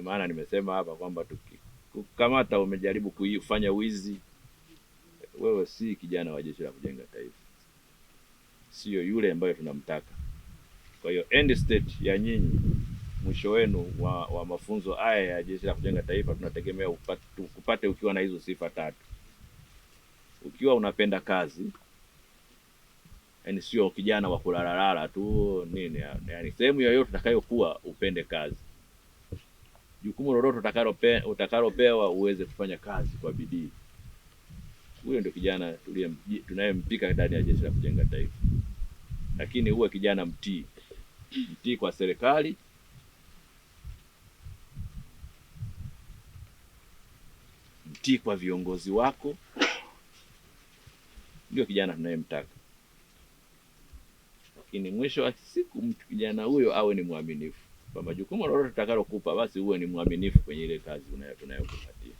ndio maana nimesema hapa kwamba tukikamata umejaribu kufanya wizi, wewe si kijana wa Jeshi la Kujenga Taifa, siyo yule ambayo tunamtaka. Kwa hiyo end state ya nyinyi, mwisho wenu wa, wa mafunzo haya ya Jeshi la Kujenga Taifa tunategemea upate ukiwa na hizo sifa tatu, ukiwa unapenda kazi yani sio kijana wa kulalalala tu nini, yani sehemu yoyote utakayokuwa upende kazi jukumu lolote utakalopewa utakalopewa uweze kufanya kazi kwa bidii. Huyo ndio kijana tunayempika ndani ya Jeshi la Kujenga Taifa, lakini uwe kijana mtii, mtii kwa serikali, mtii kwa viongozi wako. Ndio kijana tunayemtaka, lakini mwisho wa siku mtu kijana huyo awe ni mwaminifu kwamba jukumu lolote tutakalokupa basi uwe ni mwaminifu kwenye ile kazi tunayokupatia.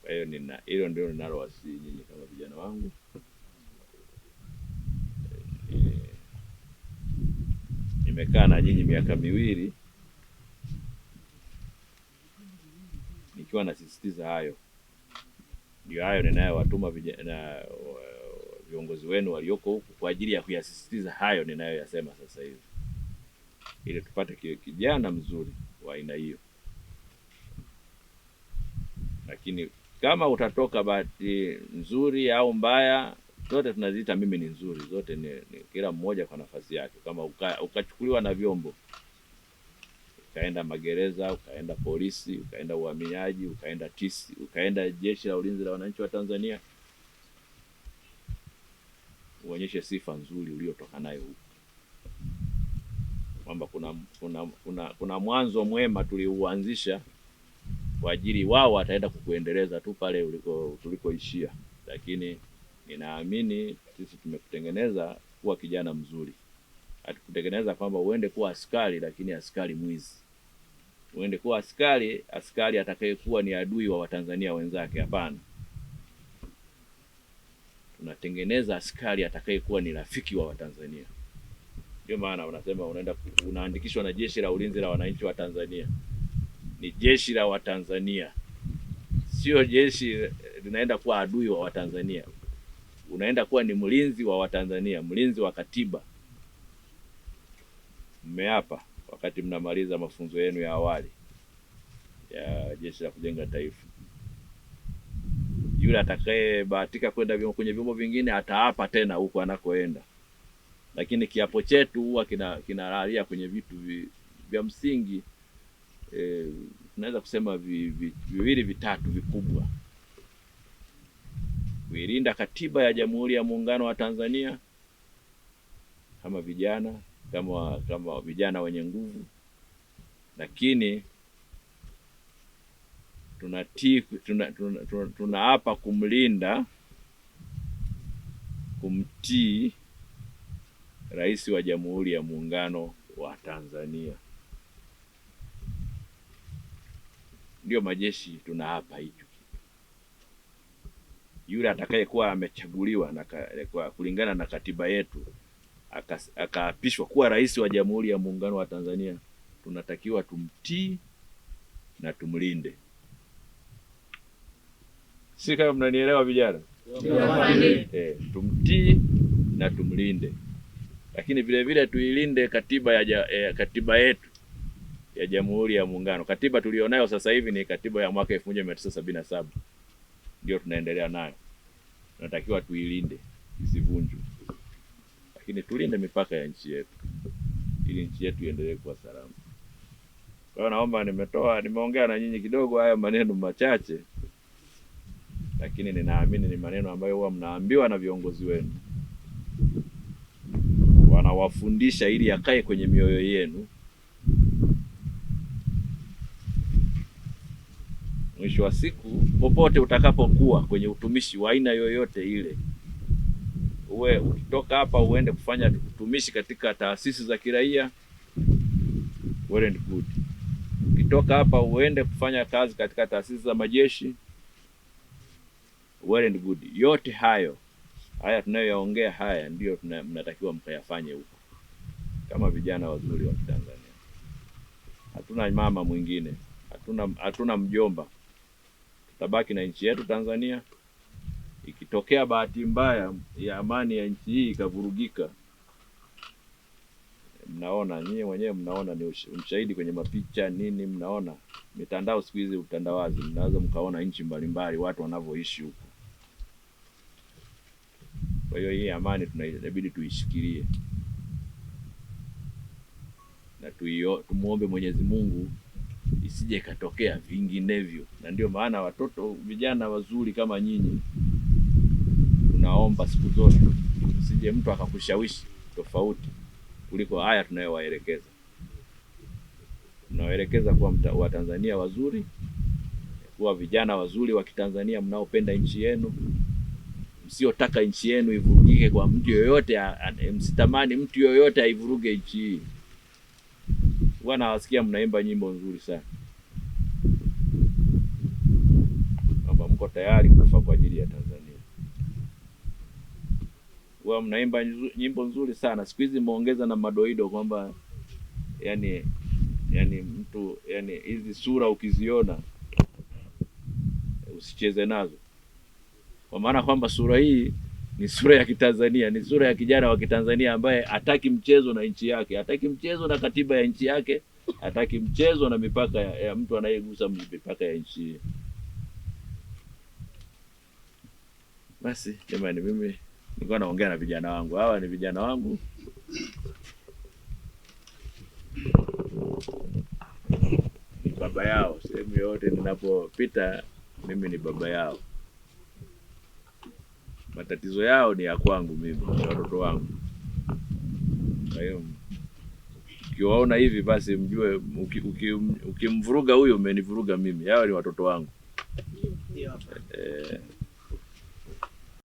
Kwa hiyo nina hilo ndio ninalowasihi nyinyi kama vijana wangu nimekaa na nyinyi miaka miwili nikiwa nasisitiza hayo, ndio hayo ninayowatuma vijana viongozi wenu walioko huku kwa ajili ya kuyasisitiza hayo ninayoyasema sasa hivi, ili tupate kijana mzuri wa aina hiyo. Lakini kama utatoka bahati nzuri au mbaya, zote tunaziita, mimi ni nzuri, zote ni, ni kila mmoja kwa nafasi yake. Kama uka, ukachukuliwa na vyombo ukaenda magereza, ukaenda polisi, ukaenda uhamiaji, ukaenda tisi, ukaenda jeshi la ulinzi la wananchi wa Tanzania uonyeshe sifa nzuri uliotoka nayo huko, kwamba kuna, kuna, kuna, kuna mwanzo mwema tuliuanzisha kwa ajili wao wataenda kukuendeleza tu pale uliko tulikoishia, lakini ninaamini sisi tumekutengeneza kuwa kijana mzuri. Hatukutengeneza kwamba uende kuwa askari, lakini askari mwizi, uende kuwa askari, askari atakayekuwa ni adui wa Watanzania wenzake. Hapana, tunatengeneza askari atakayekuwa ni rafiki wa Watanzania. Ndio maana wanasema unaenda unaandikishwa na Jeshi la Ulinzi la Wananchi wa Tanzania. Ni jeshi la Watanzania, sio jeshi eh, linaenda kuwa adui wa Watanzania. Unaenda kuwa ni mlinzi wa Watanzania, mlinzi wa katiba. Mmeapa wakati mnamaliza mafunzo yenu ya awali ya Jeshi la Kujenga Taifa yule atakayebahatika kwenda kwenye vyombo vingine ataapa tena huko anakoenda, lakini kiapo chetu huwa kina kinalalia kwenye vitu vi, vya msingi eh, tunaweza kusema vi, vi, viwili vitatu vikubwa: kuilinda katiba ya Jamhuri ya Muungano wa Tanzania kama vijana kama kama vijana wenye nguvu, lakini tunatii tuna, tuna, tuna, kumlinda kumtii Rais wa Jamhuri ya Muungano wa Tanzania. ndio majeshi tunaapa hicho Yule atakayekuwa amechaguliwa na kulingana na katiba yetu akaapishwa kuwa rais wa Jamhuri ya Muungano wa Tanzania, tunatakiwa tumtii na tumlinde si kama mnanielewa vijana eh, tumtii na tumlinde, lakini vile vile tuilinde katiba ya ja, eh, katiba yetu ya Jamhuri ya Muungano. Katiba tulionayo sasa hivi ni katiba ya mwaka 1977 ndio tunaendelea nayo, tunatakiwa tuilinde isivunjwe, lakini tulinde mipaka ya nchi yetu ili nchi yetu iendelee kuwa salama. Kwa hiyo naomba, nimetoa nimeongea na nyinyi kidogo, haya maneno machache lakini ninaamini ni maneno ambayo huwa mnaambiwa na viongozi wenu, wanawafundisha ili yakae kwenye mioyo yenu. Mwisho wa siku, popote utakapokuwa kwenye utumishi wa aina yoyote ile, uwe ukitoka hapa uende kufanya utumishi katika taasisi za kiraia, well and good. Ukitoka hapa uende kufanya kazi katika taasisi za majeshi well and good. Yote hayo haya tunayoyaongea haya ndiyo tuna, mnatakiwa mkayafanye huko kama vijana wazuri wa Kitanzania. Hatuna mama mwingine, hatuna hatuna mjomba, tutabaki na nchi yetu Tanzania. Ikitokea bahati mbaya ya amani ya nchi hii ikavurugika, mnaona nyinyi wenyewe, mnaona ni mshahidi kwenye mapicha nini, mnaona mitandao siku hizi utandawazi, mnaweza mkaona nchi mbalimbali watu wanavyoishi huko. Kwa hiyo hii amani tunaitabidi tuishikilie na tumwombe Mwenyezi Mungu isije ikatokea vinginevyo, na ndio maana watoto vijana wazuri kama nyinyi tunaomba siku zote, usije mtu akakushawishi tofauti kuliko haya tunayowaelekeza. Tunawaelekeza kuwa Watanzania wazuri, kuwa vijana wazuri wa Kitanzania mnaopenda nchi yenu msiotaka nchi yenu ivurugike kwa mtu yoyote, msitamani mtu yoyote aivuruge nchi hii. Huwa nawasikia mnaimba nyimbo nzuri sana kwamba mko tayari kufa kwa ajili ya Tanzania. Huwa mnaimba nyimbo nzuri sana siku hizi mmeongeza na madoido kwamba yani yani mtu yani hizi sura ukiziona usicheze nazo kwa maana kwamba sura hii ni sura ya Kitanzania, ni sura ya kijana wa Kitanzania ambaye hataki mchezo na nchi yake, hataki mchezo na katiba ya nchi yake, hataki mchezo na mipaka ya, ya mtu anayegusa mipaka ya nchi hii Basi jamani, mimi nilikuwa naongea na vijana wangu, hawa ni vijana wangu ni baba yao. Sehemu yoyote ninapopita mimi ni baba yao matatizo yao ni ya kwangu mimi na watoto wangu. Kwa hiyo ukiwaona hivi basi mjue, ukimvuruga uki, uki huyu umenivuruga mimi. Hao ni watoto wangu.